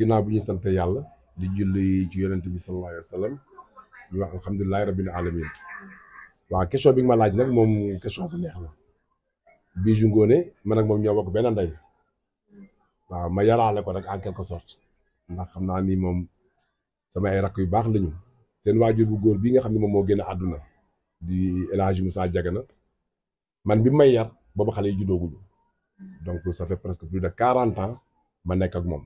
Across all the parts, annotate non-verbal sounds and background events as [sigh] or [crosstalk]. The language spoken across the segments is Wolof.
ginnaaw bi ñu sant yàlla di julli ci yonent bi sallallahu alayhi wa sallam ñu wax alhamdulilahi rabbil alamin waaw question bi ma laaj nag moom question bu neex la Bijou Ngoné man ak moom ñoo bokk benn ndey waaw ma yaraale ko rek en quelque sorte ndax xam naa ni moom samay ay rakk yu baax lañu seen waajur bu góor bii nga xam ne moom moo génn àdduna di El Hadji Moussa man bi may yar boobu xale yi juddooguñu donc ça fait presque plus de quarante ans ma nekk ak moom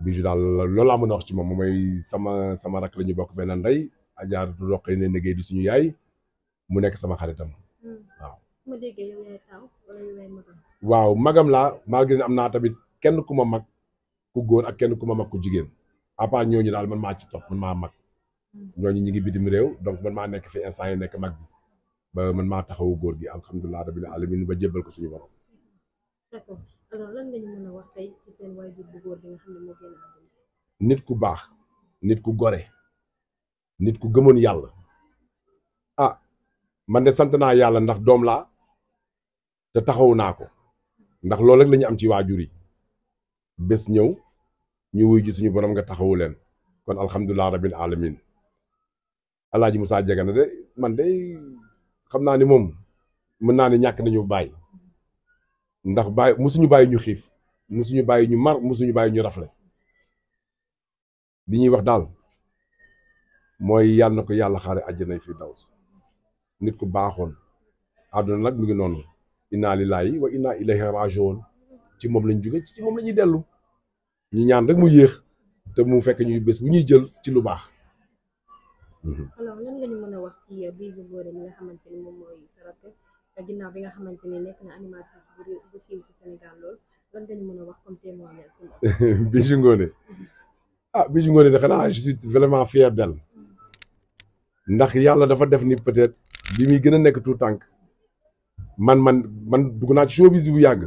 Bijou daal loolu laa mën a wax ci moom moom mooy sama sama rakk la ñu bokk benn ndey Adja yi ne liggéey di suñu yaay mu nekk sama xaritam hmm. waaw. magam. laa malgré ni am naa tamit kenn ku ma mag ku góor ak kenn ku ma mag ku jigéen à ñooñu daal man maa ci topp man maa mag hmm. ñooñu ñi ngi bitim réew donc man maa nekk fi instant yi nekk mag bi ba man maa taxawu góor gi alhamdulilah rabbil alamin ba jébbal ko suñu borom. d'accord. nit ku baax nit ku gore nit ku gëmoon yàlla a ah, man de sant naa yàlla ndax doom laa te taxawu naa ko ndax loolu rek lañu am ci waajur yi bés ñëw ñu wuy ji suñu borom nga taxawu leen kon alhamdulilah rabbil alamin alaaji Moussa Diegane de man de xam naa ni moom mën naa ni ñàkk nañu bàyyi ndax bàyyi musuñu bàyyi ñu xiif musuñu bàyyi ñu mar musuñu bàyyi ñu rafle li ñuy wax daal mooy yàlla na ko yàlla xaare àjjanay fi daws nit ku baaxoon àdduna nag mu ngi noonu inna lillahi wa inna ilayhi rajiun ci moom lañ jóge ci moom lañuy dellu ñu ñaan rek mu yéex te mu fekk ñuy bés bu ñuy jël ci lu baax ginnaaw bi nga xamante ni nekk na animatrice bu siiw ci Sénégal lool lan nga ñu mën a wax comme témoignage [laughs] Bijou Ngoné mm-hmm. ah Bijou Ngoné de xanaa je suis vraiment mm-hmm. ndax yàlla dafa def ni peut-être bi muy gën a nekk tout tànk man man man dugg naa ci showbiz bu yàgg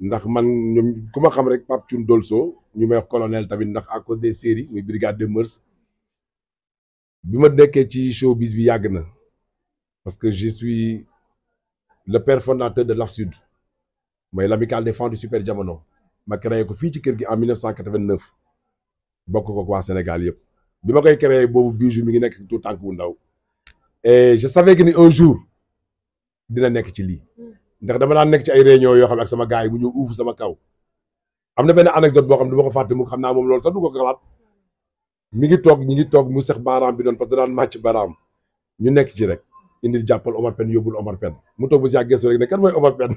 ndax man ñoom ku xam rek Pape Thioune Dolso ñu may wax tamit ndax à de des séries muy brigade des mœurs bi ma nekkee ci showbiz bi yàgg na parce que je le père fondateur de l'AFSUD mooy l'amicale des femmes du Super Jamono ma créé ko fii ci kër gi en 1989 bokk ko waa Sénégal yëpp bi ma koy créé boobu Bijou mi ngi nekk ci tout tànk bu ndaw et je savais que ni un jour dina nekk ci lii ndax dama daan nekk ci ay réunion yoo xam ne ak sama gars yi bu ñu uuf sama kaw am na benn anecdote boo xam ne du ko fàtte mu xam naa moom loolu sax du ko xalaat mi ngi toog ñi ngi toog mu sex baaraam bi doon parce que daan màcc baaraam ñu nekk ci rek. indil jàppal Omar Pène yóbbul Omar Pène mu toog ba si ak gëstu rek ne kan mooy Omar Pène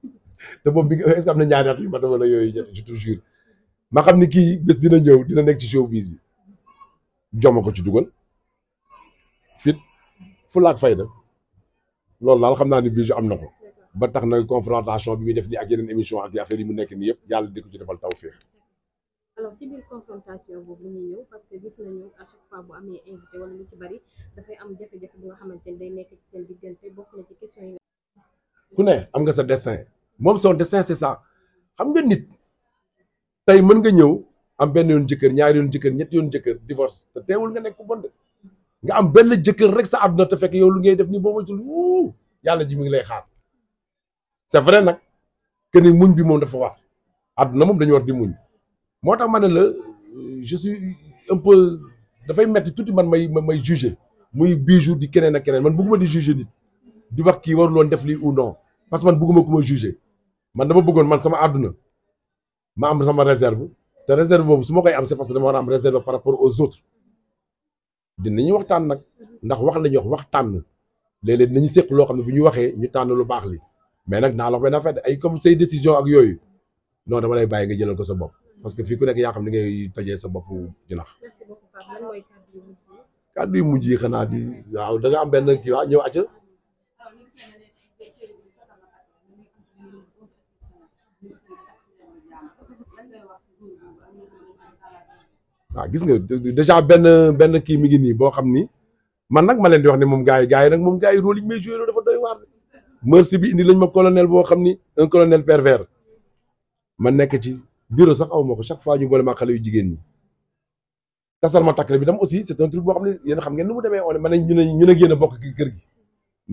[laughs] te boobu bi est que am na ñaari at wala yooyu ñett je te ma xam ne kii bis dina ñëw dina nekk ci showbiz bi joma ko ci dugal fit fulaak fayda loolu daal xam naa ni Bijou am na ko ba tax na confrontation bi muy def nii ak yeneen émission ak affaire yi mu nekk nii yëpp yàlla di ko ci defal tawfeex alors ci am jafe-jafe ku ne am nga sa destin moom son destin c'est ça xam nga nit tey mën nga ñëw am benn yoon jëkkër ñaari yoon jëkkër ñetti yoon jëkkër divorce te teewul nga nekk ku bon nga am benn jëkkër rek sa àdduna te fekk yow lu ngay def nii boo moytul wuu yàlla ji mi ngi lay xaar c'est vrai nag que ni muñ bi moom dafa war àdduna moom dañu war di muñ. moo tax ma ne la je suis un peu dafay metti tuuti man may may juger muy jour di keneen ak keneen man bëgguma di juger nit di wax kii warul woon def lii ou non parce que man bëgguma ku ma juger man dama bëggoon man sama àdduna ma am sama réserve te réserve boobu su ma koy am c'est parce que dama war a am réserve par rapport aux autres dinañu waxtaan nag ndax wax la wax wax tànn léeg-léeg nañu seq loo xam ne bu ñu waxee ñu tànn lu baax li mais nag naa la wax benn affaire ay comme décision ak yooyu non dama lay bàyyi nga jëlal ko sa bopp. parce que fii ku nekk yaa xam ni ngay tojee sa bopp jinax. merci beaucoup Pape yu mujj yi. kàddu xanaa di waaw da am benn kii waa ñëw àcc. gis nga déjà benn benn kii mi ngi nii boo xam ni man nag ma leen di wax ne moom gaay yi gars yi nag moom gars doy waar merci bi indi lañ ma colonel boo xam ni un colonel pervers ma nekk ci bureau sax aw ma ko chaque fois ñu boole ma xale yu jigéen ñi tasal ma takk bi tam aussi c'est un truc boo xam ne yéen xam ngeen nu mu demee on man ñu ne ñu ne yéen a bokk kër gi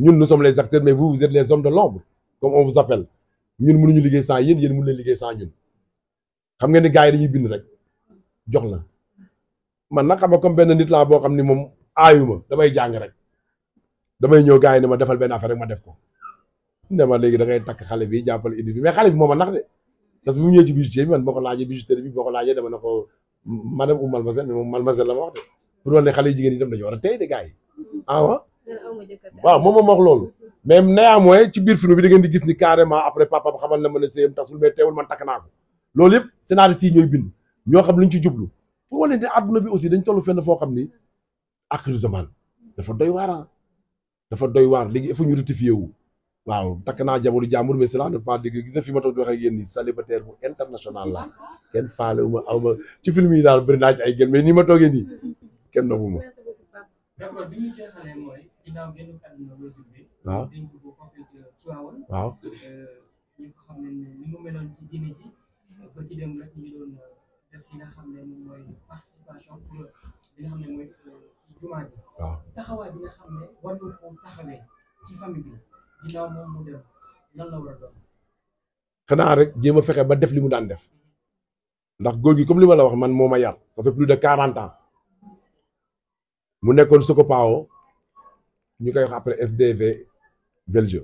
ñun nous sommes les acteurs mais vous vous êtes les hommes de l'ombre comme on vous appelle ñun ñu liggéey sans yéen yéen mënu leen liggéey sans ñun xam nga ni gars yi dañuy bind rek jox la man nag xam nga comme benn nit laa boo xam ni moom aayuma damay jàng rek damay ñëw gars yi ne ma defal benn affaire ma def ko ne ma léegi da ngay takk xale bi jàppale indi bi mais xale bi moom a nax parce que bu mu ñëwee ci bijoutier bi man boo ko laajee bijouterie bi boo ko laajee dama ne ko madame ou mademoiselle mais ma wax de pour won xale yi itam dañu war a tey de gars ah moom moom wax loolu mais naya mooy ci biir film bi da ngeen di gis ni carrément après papa xamal na ma ne sëyam tasul mais teewul man takk naa ko loolu yëpp scénariste yi ñooy bind ñoo xam liñ ci jublu pour wane ne adduna bi aussi dañ toll fenn foo xam ni axiru zaman dafa doy waar ah. dafa doy waar léegi il ñu rectifier wu waaw takk naa jabaru jàmbur mais cela ne pas dégg gis na fi ma toog di wax international la kenn faale wu ma ay gën mais ma toogee nii kenn waaw. ginnaaw moom mu xanaa rek jéem a fexe ba def li mu daan def ndax góor gi comme li ma la wax man moo ma yar ça fait plus de quarante ans mu nekkoon Sokopao ñu koy wax après SDV Veljo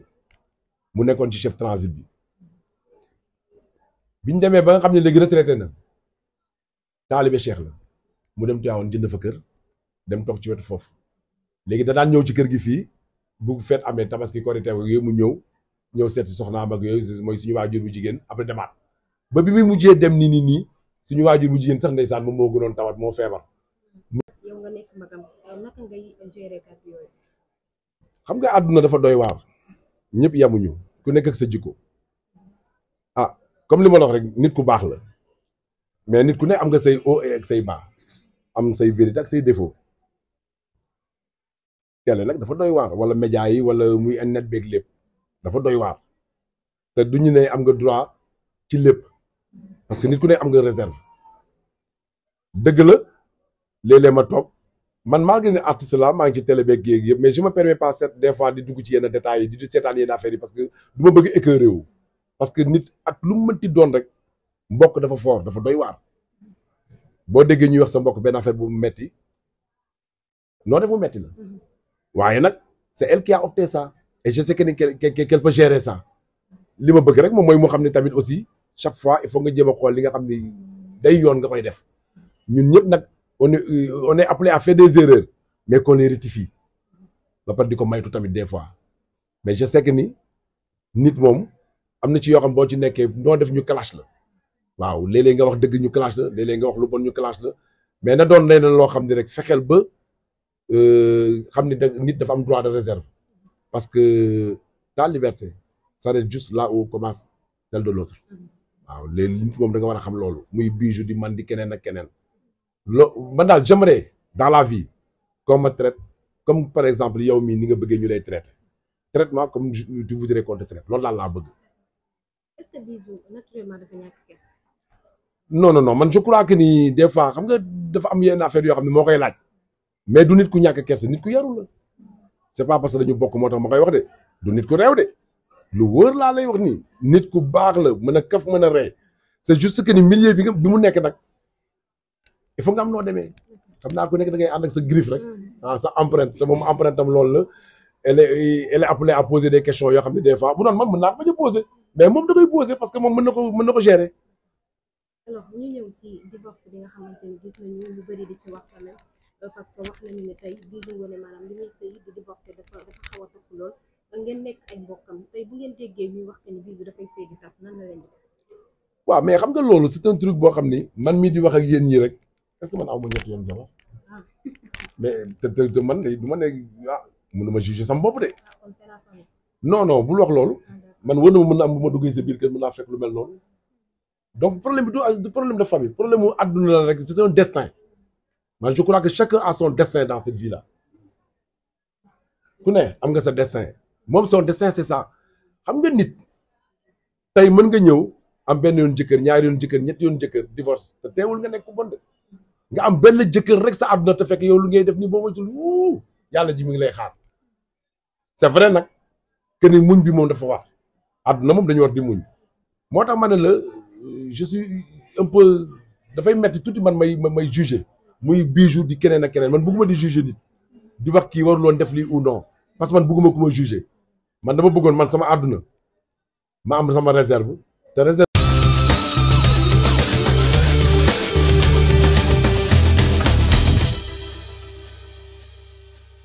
mu nekkoon ci chef transit bi biñ demee ba nga xam ne léegi traité na taalibe Cheikh la mu dem Tiwaawan jënd fa kër dem toog ci wetu foofu léegi da daan ñëw ci kër gi fii. bu feet amee tabaski korite yooyu mu ñëw ñëw seeti soxnaam ak yooyu mooy suñu waajur bu jigéen après demaat ba bi muy mujjee dem nii ni nii suñu waajur bu jigéen sax ndeysaan moom moo gënoon tawat moo feebar. yow nga euh, xam nga àdduna dafa doy waar ñëpp yamuñu ku nekk ak sa jikko ah comme li ma la rek nit ku baax la mais nit ku ne am nga say hauts et ak say bas am say vérité ak say défaut. télé nag dafa doy waar wala média yi wala muy internet beeg lépp dafa doy waar te du ñu ne am nga droit ci lépp parce que nit ku ne am nga réserve dëgg la léeg-léeg ma toog man maa ni ne artiste la maa ngi ci télé beeg yéeg yëpp mais je me permets pas cette di dugg ci yenn détails yi di di seetaan yenn affaires yi parce que du ma bëgg écœuré wu parce que nit ak lu mu mënti doon rek mbokk dafa fort dafa doy waar boo déggee ñuy wax sa mbokk benn affaire bu metti noo def mu metti la mm-hmm. waaye nag c'est elle qui a opté ça et je sais li ma bëgg rek moom mooy moo xam ne tamit aussi chaque fois il faut nga jéem a xool li nga xam ne day yoon nga koy def ñun ñëpp nag on est euh, on est appelé à faire des erreurs mais qu'on les rectifie ba pare di ko maytu tamit des fois mais je sais ni nit moom am na ci yoo xam boo ci nekkee noo def ñu clash la waaw léeg-léeg nga wax dëgg ñu clash la léeg-léeg nga wax lu bon ñu clash la mais na doon leneen loo xam ne rek fexeel ba. Euh, xam ni da nit dafa am droit de réserve parce que daal liberté s'arrête juste là où commence celle de l'autre waaw léegi nit moom da nga war a xam loolu muy bijou di man di keneen ak keneen loo man daal j'aimerais dans la vie qu'on me traite comme par exemple yow mii ni nga bëggee ñu lay traiter traitement comme tu voudrais récole te traite loolu daal laa bëgg. est-ce que man je crois que ni des fois xam nga dafa am yenn affaire yoo xam ne moo koy laaj. mais du nit ku ñàkk kersa nit ku yarul la c'est pas parce que dañu bokk moo tax ma koy wax de du nit ku réew de lu wóor laa lay wax nii nit ku baax la mën a kaf mën a ree c'est juste que ni milieu bi mu nekk nag il faut nga am noo demee xam naa ku nekk da ngay ànd ak sa griffe rek mm. ah sa empreinte te moom empreinte am lool la elle est elle est à poser des questions yoo xam ne des fois bu doon man mën naa bañ a poser mais moom da koy poser parce que moom mën na ko mën na ko parce a topp que ni Bijou dafay sëy waaw mais xam nga loolu c'est un boo xam ni man mii di wax ak yéen ñi rek est-ce que man a ma ñett yoon jabar ah. [laughs] mais te te man du ma ne ah mënuma juger sama bopp de. Ah, non non bul wax loolu. Ah, man war na ma na am bu ma duggee sa biir kër mën naa fekk lu mel noonu. donc problème bi du problème de famille problème mu àdduna la rek c'est destin. man je crois que chacun a son destin dans cette vie là ku ne am nga sa destin moom son destin c'est ça xam nga nit tey mën nga ñëw am benn yoon jëkkër ñaari yoon jëkkër ñetti yoon jëkkër divorce te teewul nga nekk ku bon de nga am benn jëkkër rek sa àdduna te fekk yow lu ngay def nii boo moytul wuu yàlla ji mi ngi lay xaar c'est vrai nag que ni muñ bi moom dafa war àdduna moom dañu war di muñ moo tax ma ne la euh, je suis un peu dafay metti tuuti man may may juger muy bijou di keneen ak keneen man bëgguma di juger nit di wax kii warul woon def lii ou non parce que man bëgguma ku ma juger man dama bëggoon man sama àdduna ma am sama réserve te réserve